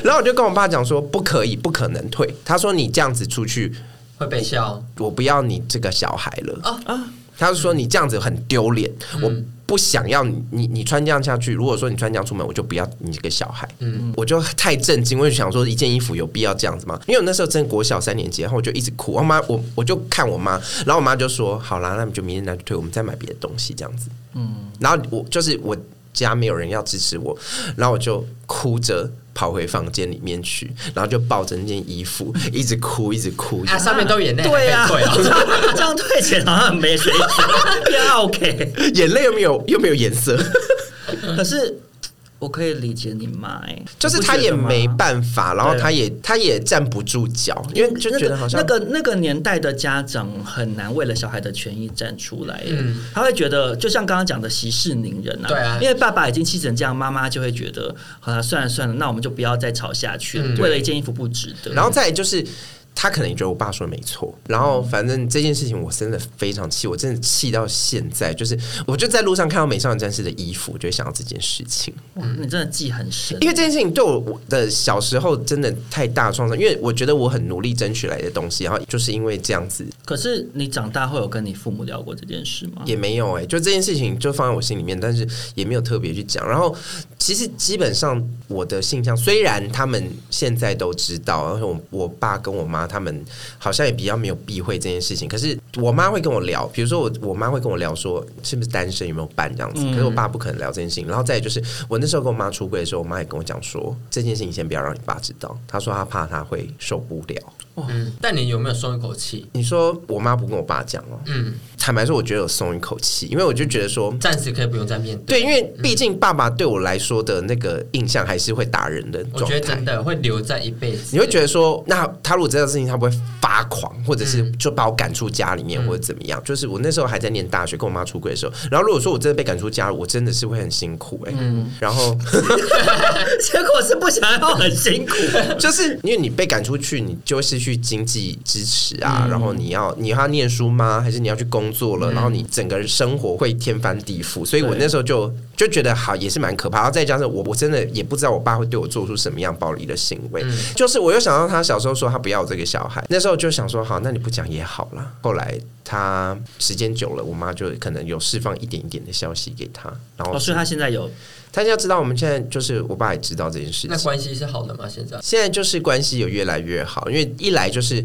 然後我就跟我爸講說：“不可以，不可能退。”他說：“你這樣子出去會被笑，我不要你這個小孩了。”他就說：“你這樣子很丟臉。”我。不想要你，你你穿這樣下去。如果說你穿這樣出門，我就不要你這個小孩。嗯，我就太震驚，我就想說，一件衣服有必要這樣子嗎？因為我那時候真的國小三年級，然後我就一直哭。我媽，我我就看我媽，然後我媽就說：“好啦，那你就明天拿去退，我們再買別的東西。”這樣子。嗯，然後我就是我家沒有人要支持我，然後我就哭着。跑回房間裡面去，然後就抱着那件衣服一直哭，一直哭，一直哭啊，這樣上面都有眼淚，對啊， *laughs* 這樣退錢好像很沒水準 *laughs* yeah，OK，眼淚又沒有，又沒有顏色， *laughs* 可是。我可以理解你媽、欸，哎，就是他也沒辦法，然後他也對了 他也站不住腳，因為就覺得，好像那個那個那個年代的家長很難為了小孩的權益站出來，嗯、他會覺得就像剛剛講的息事寧人啊，對啊，因為爸爸已經氣成這樣，媽媽就會覺得啊，算了算了，那我們就不要再吵下去了，嗯、為了一件衣服不值得，然後再就是。他可能也覺得我爸說的沒錯，然後反正這件事情我真的非常氣，我真的氣到現在，就是我就在路上看到美少女戰士的衣服，就會想到這件事情。嗯，你真的記很深，因為這件事情對我的小時候真的太大創傷，因為我覺得我很努力爭取來的東西，然後就是因為這樣子。可是你長大後有跟你父母聊過這件事嗎？也沒有哎、欸，就這件事情就放在我心裡面，但是也沒有特別去講。然後其實基本上我的性向，雖然他們現在都知道，而且我我爸跟我媽，他們好像也比較沒有避諱這件事情，可是我媽會跟我聊,比如說我我媽會跟我聊說是不是單身、有沒有伴這樣子，嗯、可是我爸不可能聊這件事情。然後再就是我那時候跟我媽出櫃的時候，我媽也跟我講說這件事情先不要讓你爸知道，她說她怕他會受不了。哇嗯、但你有沒有鬆一口氣？你說我媽不跟我爸講哦、喔。嗯，坦白說，我覺得有鬆一口氣，因為我就覺得說，暫時可以不用再面對。對，因為畢竟爸爸對我來說的那個印象還是會打人的狀態，我覺得真的我會留在一輩子。你會覺得說，那他如果知道這件事情，他不會發狂，或者是就把我趕出家裡面，嗯、或者怎麼樣？就是我那時候還在念大學，跟我媽出櫃的時候，然後如果說我真的被趕出家，我真的是會很辛苦哎、欸。嗯、然後 *laughs* 結果是不想要很辛苦、喔，就是因為你被趕出去，你就是。去經濟支持啊，嗯、然後你要你要念書嗎？還是你要去工作了？嗯、然後你整個生活會天翻地覆。所以我那時候就對就覺得好也是蠻可怕。然後再加上我我真的也不知道我爸會對我做出什麼樣暴力的行為。嗯、就是我又想到他小時候說他不要這個小孩，那時候就想說好，那你不講也好了。後來他時間久了，我媽就可能有釋放一點一點的消息給他。然後、哦，所以，他現在有。他要知道，我們現在就是我爸也知道這件事情。那關係是好的嗎？現在現在就是關係有越來越好，因為一來就是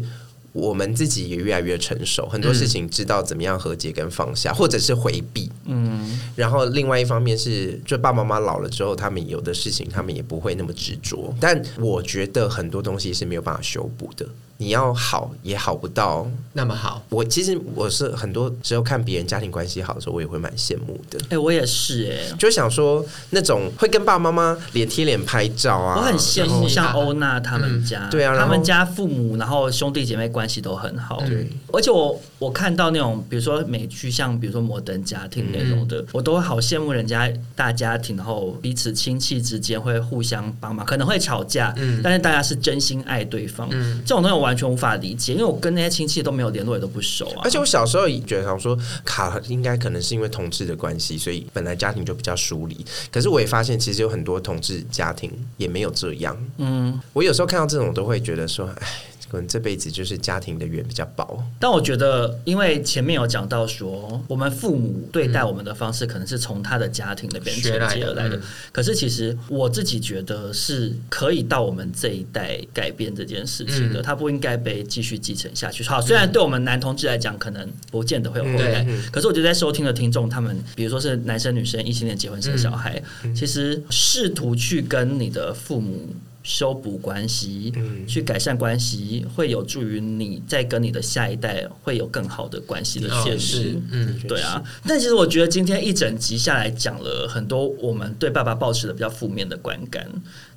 我們自己也越來越成熟，很多事情知道怎麼樣和解跟放下，或者是迴避。嗯，然後另外一方面是，就爸爸媽媽老了之後，他們有的事情他們也不會那麼執着。但我覺得很多東西是沒有辦法修補的。你要好也好不到那麼好。我其實我是很多時候，看別人家庭關係好的時候，我也會蠻羨慕的。誒、欸，我也是誒、欸，就想說那種會跟爸爸媽媽臉貼臉拍照啊，我很羨慕，然後像歐娜他們家，對啊、嗯，他們家父母然後兄弟姐妹關係都很好，對、嗯，而且我。我看到那種，比如說美劇，像比如說《摩登家庭》那種的，嗯、我都好羨慕人家大家庭，然後彼此親戚之間會互相幫忙，可能會吵架，嗯、但是大家是真心愛對方，嗯、這種東西我完全無法理解，因為我跟那些親戚都沒有聯絡，也都不熟啊。而且我小時候也覺得好像說，卡應該可能是因為同志的關係，所以本來家庭就比較疏離。可是我也發現，其實有很多同志家庭也沒有這樣。嗯，我有時候看到這種，都會覺得說，哎。可能這輩子就是家庭的緣比較薄，但我覺得，因為前面有講到說，我們父母對待我們的方式，可能是從他的家庭那邊承接而來的。可是，其實我自己覺得是可以到我們這一代改變這件事情的，他不應該被繼續繼承下去。好，雖然對我們男同志來講，可能不見得會有後代，可是我覺得在收聽的聽眾，他們比如說是男生女生，異性戀結婚生小孩，其實試圖去跟你的父母。修補關係，去改善關係，嗯、會有助於你在跟你的下一代會有更好的關係的現實。哦、嗯，對啊。是但其實我覺得今天一整集下來講了很多，我們對爸爸抱持的比較負面的觀感。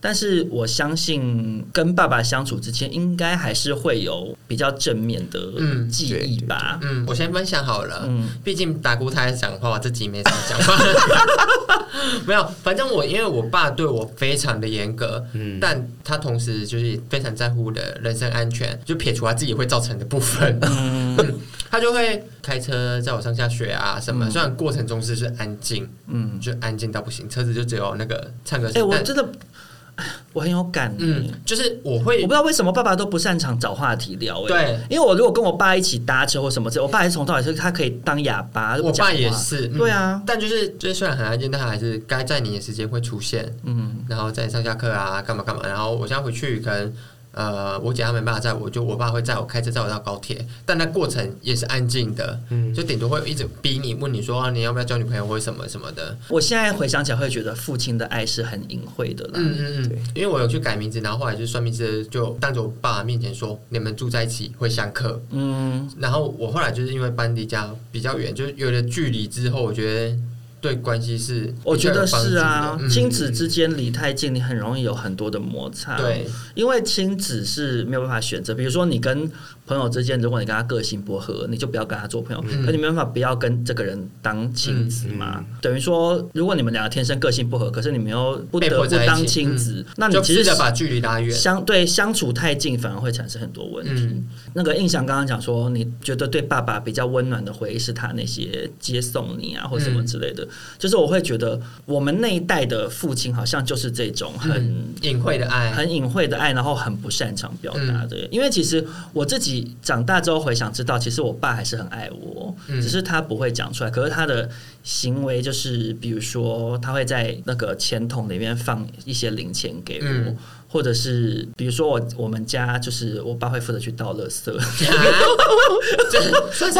但是我相信跟爸爸相處之前，應該還是會有比較正面的記憶吧，嗯。嗯，我先分享好了。嗯，畢竟達菇他講話，我自己沒怎麼講話。 *laughs* *laughs* 沒有，反正我因為我爸對我非常的嚴格，嗯，但他同時就是非常在乎的人身安全，就撇除他自己會造成的部分。嗯嗯、他就會開車載我上下學啊什麼，嗯、雖然過程中是是安靜，嗯，就安靜到不行，車子就只有那個唱歌。欸、我真的。我很有感，欸，嗯，就是我會，我不知道為什麼爸爸都不擅長找話題聊，欸，對，因為我如果跟我爸一起搭車或什麼車，我爸還是從頭到尾他可以當啞巴，我爸也是，講話 嗯、對啊，但就是，就是，雖然很安靜，但還是該在你的時間會出現，嗯，然後在你上下課啊，幹嘛幹嘛，然後我現在回去跟。呃，我姐她沒辦法載我，就我爸會載我，開車載我到高鐵。但那過程也是安靜的，嗯、就頂多會一直逼你問你說、啊、你要不要交女朋友或什麼什麼的。我現在回想起來會覺得父親的愛是很隱晦的啦。嗯嗯嗯，對因為我有去改名字，然後後來就算命師，就當着我爸面前說你們住在一起會相克。嗯，然後我後來就是因為搬離家比較遠，就有了距離之後，我覺得。對關係是，我覺得是啊，親子之間離太近，你很容易有很多的摩擦。嗯、對，因為親子是沒有辦法選擇，比如說你跟。朋友之間，如果你跟他個性不合，你就不要跟他做朋友。嗯、可你沒辦法不要跟這個人當親子嘛？嗯嗯、等於說，如果你們兩個天生個性不合，可是你們又不得不當親子，嗯、那你其實就得把距離拉遠，相對相處太近，反而會產生很多問題。嗯、那個胤翔剛剛講說，你覺得對爸爸比較溫暖的回憶是他那些接送你啊，或什麼之類的。嗯、就是我會覺得，我們那一代的父親好像就是這種很隱、嗯、晦的愛，很隱晦的愛，然後很不擅長表達的、嗯對。因為其實我自己。長大之後回想知道，其實我爸還是很愛我，嗯、只是他不會講出來。可是他的行為就是，比如說他會在那個錢桶裡面放一些零錢給我，嗯、或者是比如說我我們家就是我爸會負責去倒垃圾，或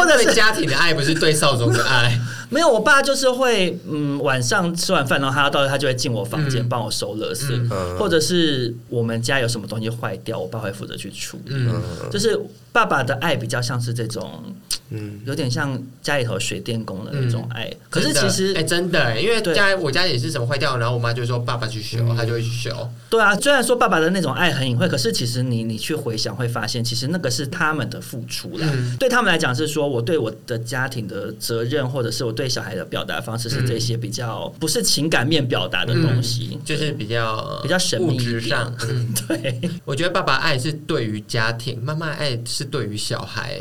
者、啊、 *laughs* 對家庭的愛不是對劭中的愛，嗯、沒有我爸就是會嗯晚上吃完飯然後他到時候他就會進我房間幫、嗯、我收垃圾，嗯、或者是我們家有什麼東西壞掉，我爸會負責去處理，嗯、就是。爸爸的愛比較像是這種，嗯，有點像家裡頭水電工的那種愛。可是其實，哎，真的，因為家我家也是什麼壞掉，然後我媽就說爸爸去修，他就會去修。對啊，雖然說爸爸的那種愛很隱晦，可是其實你你去回想會發現，其實那個是他們的付出了。對他們來講是說我對我的家庭的責任，或者是我對小孩的表達方式是這些比較不是情感面表達的東西，就是比較比較神秘之上。對，我，我覺得爸爸愛是對於家庭，媽媽愛是。是對於小孩，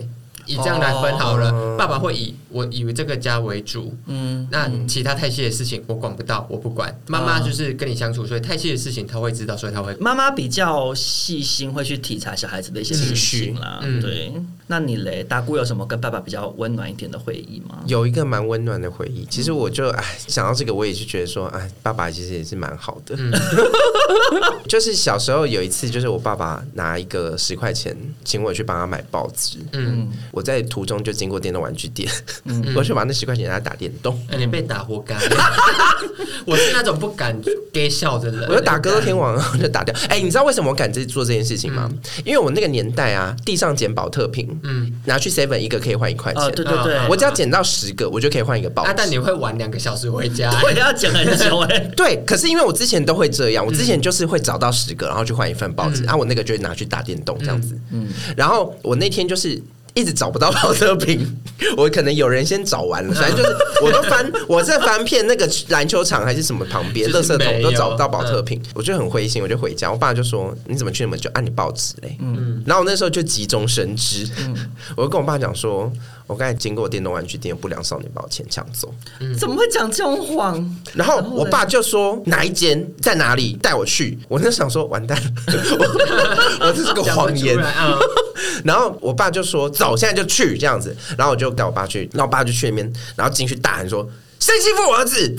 以這樣來分好了。Oh. 爸爸會以我以為這個家為主，嗯，那其他太細的事情我管不到，我不管。媽媽、嗯、就是跟你相處，所以太細的事情他會知道，所以他會媽媽比較細心，會去體察小孩子的一些情緒啦，嗯，對。那你咧，達菇有什麼跟爸爸比較溫暖一點的回憶嗎？有一個蠻溫暖的回憶，其實我就哎想到這個，我也是覺得說，哎，爸爸其實也是蠻好的。嗯、就是小時候有一次，就是我爸爸拿一個十塊錢，請我去幫他買報紙。嗯，我在途中就經過電動玩具店，嗯嗯我去把那十塊錢給他打電動、欸。你被打活該！ *laughs* 我是那種不敢給笑的人，我就打歌天王乾就打掉。哎、欸，你知道為什麼我敢自己做這件事情嗎？嗯、因為我那個年代啊，地上撿寶特瓶。嗯，拿去 seven 一個可以換一塊錢，哦、對對對，我只要撿到十個，我就可以換一個報紙、啊。啊、但你會玩兩個小時回家、欸， *laughs* 我要撿很久、欸、 *laughs* 對，可是因為我之前都會這樣，我之前就是會找到十個，然後去換一份報紙。然後、嗯啊、我那個就會拿去打電動這樣子。嗯，然後我那天就是。一直找不到寶特瓶，我可能有人先找完了，反正就是我都翻，我在翻遍那個籃球場還是什麼旁邊，垃圾桶都找不到寶特瓶，嗯、我就很灰心，我就回家。我爸就說：“你怎麼去那麼久，按你報紙嘞。”嗯，然後我那時候就急中生智，嗯、我就跟我爸講說。我剛才經過電動玩具店，不良少年把我錢搶走，怎麼會講這種謊？然後我爸就說哪一間在哪裡，帶我去。我就想說完蛋了，我這是個謊言。然後我爸就說走，現在就去這樣子。然後我就帶我爸去，然後我爸就去那邊，然後進去大喊說。誰欺負我兒子？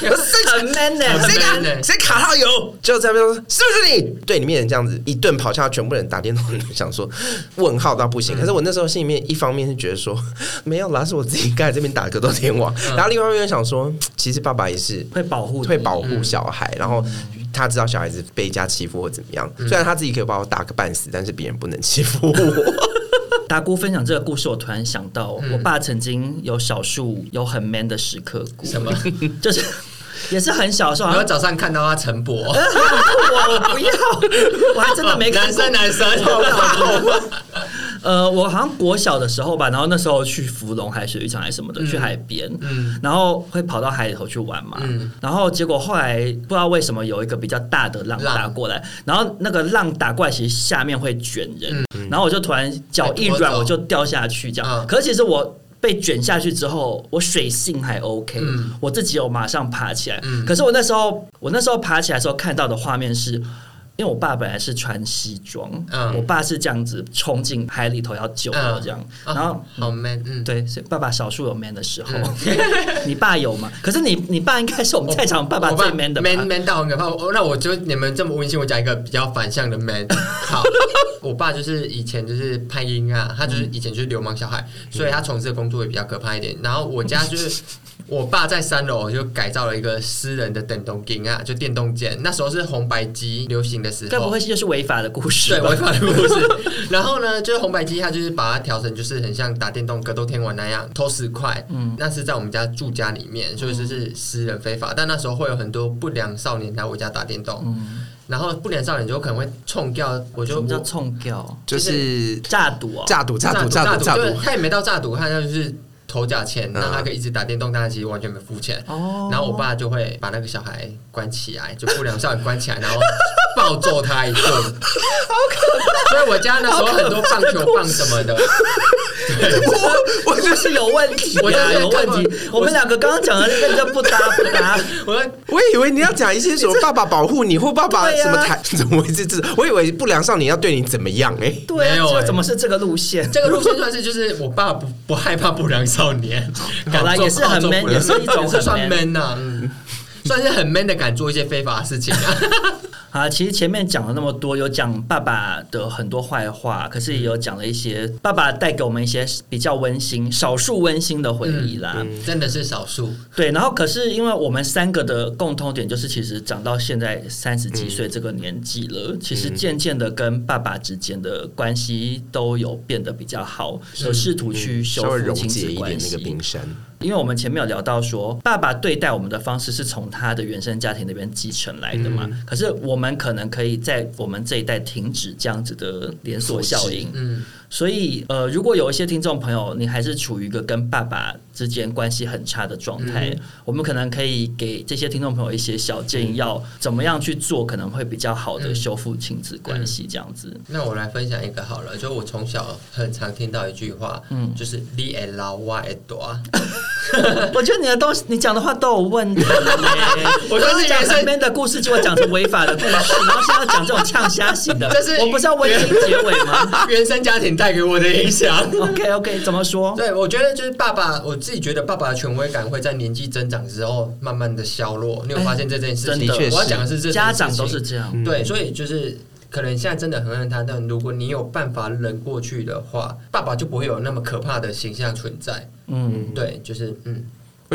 誰 *laughs* 很 man 誰、欸、誰卡號有、欸、就在那邊說是不是你？對，裡面人這樣子一頓咆哮，全部人打電話想說問號到不行。嗯、可是我那時候心裡面一方面是覺得說沒有啦，是我自己在這邊打格多天網。嗯、然後另外一方面想說，其實爸爸也是會保護，會保護小孩。然後他知道小孩子被一家欺負或怎麼樣，雖然他自己可以把我打個半死，但是別人不能欺負我。嗯 *laughs* 達菇分享這個故事，我突然想到，嗯、我爸曾經有少數有很 man 的時刻，什麼？就是也是很小時候，我早上看到他晨勃、啊。我不要，我還真的沒看。敢。生，男生,男生好好。呃，我好像國小的時候吧，然後那時候去福隆海水浴場還是什麼的，嗯、去海邊，嗯、然後會跑到海裡頭去玩嘛。嗯、然後結果後來不知道為什麼有一個比較大的浪打過來，浪然後那個浪打過來，其實下面會卷人。嗯然後我就突然腳一軟，我就掉下去，這樣。可是其實我被捲下去之後，我水性還 OK，我自己有馬上爬起來。可是我那時候，我那時候爬起來的時候看到的畫面是。因為我爸本來是穿西裝，嗯、我爸是這樣子衝進海裡頭要救我，這樣，嗯、然後、啊嗯、好 man，嗯，對，爸爸少數有 man 的時候，嗯 okay. *laughs* 你爸有嗎？可是你你爸應該是我們在場爸爸最 man 的 man man 到很可怕。那我,我就你們這麼溫馨，我講一個比較反向的 man。好， *laughs* 我爸就是以前就是拍音啊，他就是以前就是流氓小孩，嗯、所以他從事的工作也比較可怕一點。然後我家就是。 *laughs* 我爸在三樓就改造了一個私人的電動機啊，就電動間。那時候是紅白機流行的時候。該不會是就是違法的故事？對，違法的故事。然後呢，就是紅白機，它就是把它調成，就是很像打電動《格鬥天王》那樣偷十塊。嗯，那是在我們家住家裡面，所以就是私人非法。但那時候會有很多不良少年來我家打電動，然後不良少年就可能會衝掉，我就，我就、喔、什麼叫衝掉，就是詐賭、喔，詐賭，詐賭，詐賭，詐賭。他也沒到詐賭，他就是。偷假錢，然後那他可以一直打電動，啊、但他其實完全沒有付錢。然後我爸就會把那個小孩關起來，就不良少女關起來， *laughs* 然後。暴揍他一頓，好可怕！所以我家那時候很多棒球棒什麼的，我我就是有問題，我家有問題。我們兩個剛剛講的那個不搭不搭，我我以為你要講一些什麼爸爸保護你或爸爸什麼怎麼怎麼這這，我以為不良少年要對你怎麼樣哎，沒有，怎麼是這個路線？這個路線算是就是我爸不不害怕不良少年，敢來也是很 man，也是也是算 man 啊嗯，算是很 man 的敢做一些非法的事情啊，其實前面講了那麼多，有講爸爸的很多壞話，可是也有講了一些爸爸帶給我們一些比較溫馨、少數溫馨的回憶啦。真的是少數。嗯、對，然後可是因為我們三個的共通點就是，其實長到現在三十幾歲這個年紀了，嗯、其實漸漸的跟爸爸之間的關係都有變得比較好，嗯、有試圖去修復親子關係。嗯因為我們前面有聊到說，爸爸對待我們的方式是從他的原生家庭那邊繼承來的嘛。嗯、可是我們可能可以在我們這一代停止這樣子的連鎖效應。嗯，所以呃，如果有一些聽眾朋友，你還是處於一個跟爸爸。之間關係很差的狀態，嗯、我們可能可以給這些聽眾朋友一些小建議，要怎麼樣去做，可能會比較好的修復親子關係。這樣子，嗯，那我來分享一個好了，就我從小很常聽到一句話，嗯，就是你也老我， *laughs* *laughs* 我覺得你的東西，你講的話都有問題。我就你講成身邊的故事，就會講成違法的故事，然後現在要講這種嗆蝦型的，就 *laughs* 是原我不是要溫馨結尾嗎？ *laughs* 原生家庭帶給我的影響。 *laughs* OK，OK，okay, okay, 怎麼說？對，我覺得就是爸爸我。自己覺得爸爸的權威感會在年紀增長之後慢慢的削弱，你有發現這件事？情、欸、真的、的確，我要講的是這件事，家長都是這樣。嗯、對，所以就是可能現在真的很恨他，但如果你有辦法忍過去的話，爸爸就不會有那麼可怕的形象存在。嗯，對，就是嗯。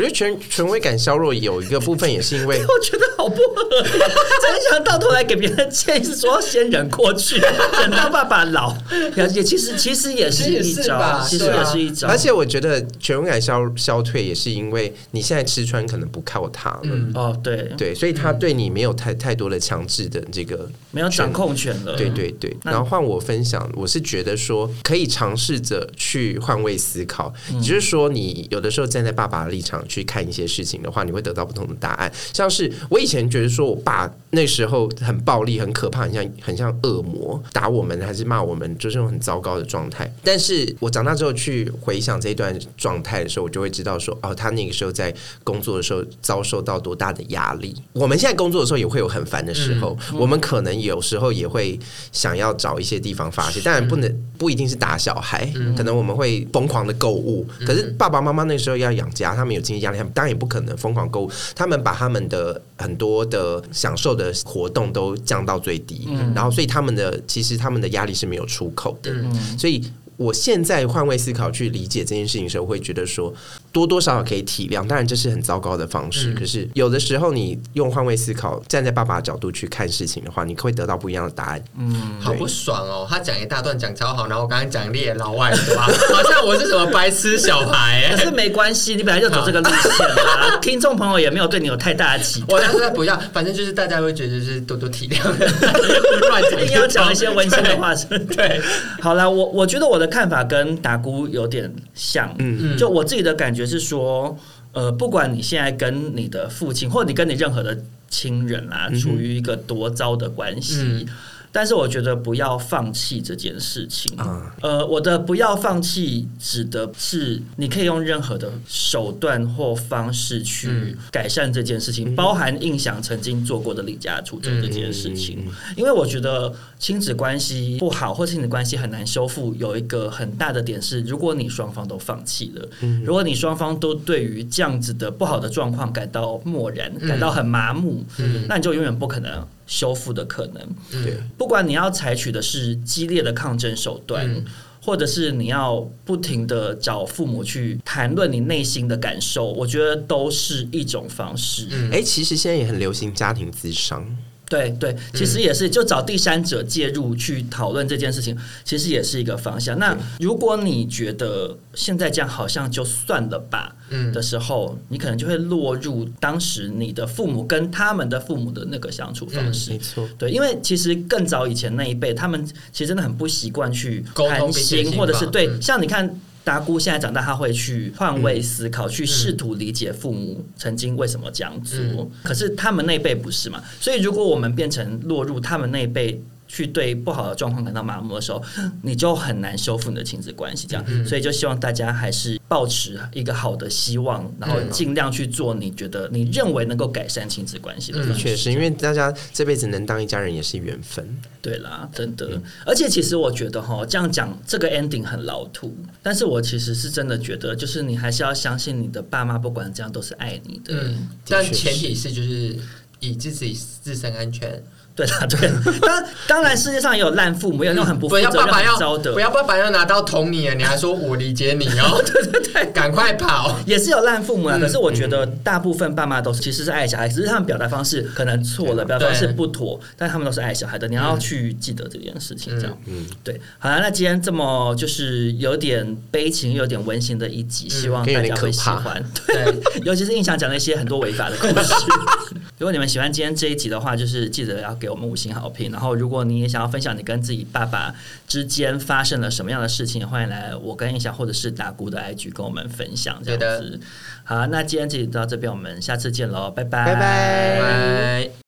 我覺得權權威感削弱有一個部分也是因為 *laughs* 我覺得好不合理，真想到頭來給別人建議說先忍過去， *laughs* 忍到爸爸老，也 *laughs* 其實其實也是一招，其、其實也是一招。對啊、而且我覺得權威感消消退也是因為你現在吃穿可能不靠他了。哦、嗯、對對，所以他對你沒有太太多的強制的這個沒有掌控權了，對對對、對。那你 然後換我分享，我是覺得說可以嘗試着去換位思考，嗯、就是說你有的時候站在爸爸的立場。去看一些事情的話，你會得到不同的答案。像是我以前覺得說我爸那時候很暴力，很可怕，很像很像惡魔，打我們還是罵我們，就是很糟糕的狀態。但是我長大之後去回想這一段狀態的時候，我就會知道說，哦，他那個時候在工作的時候遭受到多大的壓力。我們現在工作的時候也會有很煩的時候，嗯、我們可能有時候也會想要找一些地方發洩，是但不能不一定是打小孩，嗯、可能我們會瘋狂的購物。可是爸爸媽媽那時候要養家，他們有經。壓力當然也不可能瘋狂購物，他們把他們的很多的享受的活動都降到最低，嗯、然後所以他們的其實他們的壓力是沒有出口的，嗯、所以我現在換位思考去理解這件事情的時候，我會覺得說。多多少少可以體諒，當然這是很糟糕的方式。嗯、可是有的時候，你用換位思考，站在爸爸的角度去看事情的話，你會得到不一樣的答案。嗯，對好不爽哦！他講一大段講超好，然後我剛剛講獵老外是吧？啊、 *laughs* 好像我是什麼白痴小孩、欸！可是沒關係，你本來就走這個路線啦。好 *laughs* 聽眾朋友也沒有對你有太大的期待。我再再不要，反正就是大家會覺得是多多體諒。 *laughs* 你定要講一些溫馨的話是，是不對，對。好了，我我覺得我的看法跟達菇有點像。嗯嗯，就我自己的感覺。也是說，呃，不管你現在跟你的父親，或者你跟你任何的親人啊，處於、嗯、哼一個多糟的關係。嗯但是我覺得不要放棄這件事情，uh. 呃，我的不要放棄指的是你可以用任何的手段或方式去改善這件事情，嗯，包含胤翔曾經做過的離家出走這件事情。嗯嗯，因為我覺得親子關係不好或親子關係很難修復，有一個很大的點是，如果你雙方都放棄了，嗯，如果你雙方都對於這樣子的不好的狀況感到漠然、嗯，感到很麻木，嗯，那你就永遠不可能。修復的可能，對、嗯，不管你要採取的是激烈的抗爭手段，嗯、或者是你要不停的找父母去談論你內心的感受，我覺得都是一種方式。哎、嗯，欸，其實現在也很流行家庭諮商。對對，其實也是，嗯、就找第三者介入去討論這件事情，其實也是一個方向。那如果你覺得現在這樣好像就算了吧，嗯的時候，嗯、你可能就會落入當時你的父母跟他們的父母的那個相處方式。嗯、沒錯，對，因為其實更早以前那一輩，他們其實真的很不習慣去開心，或者是對，嗯、像你看。達菇現在長大，他會去換位思考，嗯、去試圖理解父母曾經為什麼這樣做。嗯、可是他們那輩不是嘛？所以如果我們變成落入他們那輩。去對不好的狀況感到麻木的時候，你就很難修復你的親子關係。這樣，嗯、所以就希望大家還是保持一個好的希望，然後盡量去做你覺得你認為能夠改善親子關係的關、嗯。的確，是因為大家這輩子能當一家人也是緣分。對啦，真的。嗯、而且，其實我覺得哈、喔，這樣講這個 ending 很老土，但是我其實是真的覺得，就是你還是要相信你的爸媽，不管怎樣都是愛你的。嗯，但前提是就是以自己自身安全。對，對，當然，世界上也有爛父母，有那種很不負責任、糟的，不要，爸爸要拿刀捅你啊！你還說我理解你哦，這這太……趕快跑！也是有爛父母啊，可是我覺得大部分爸媽都是其實是愛小孩，只是他們表達方式可能錯了，表達方式不妥，但他們都是愛小孩的。你要去記得這件事情，這樣，嗯，對。好了，那今天這麼就是有點悲情、有點溫馨的一集，希望大家會喜歡。對，尤其是胤翔講了一些很多違法的故事。如果你們喜歡今天這一集的話，就是記得要給我。我們五星好評。然後，如果你也想要分享你跟自己爸爸之間發生了什麼樣的事情，歡迎來我跟胤翔，或者是達菇的 IG 跟我們分享。這樣子，對的好，那今天這集就到這邊，我們下次見嘍，拜拜拜拜。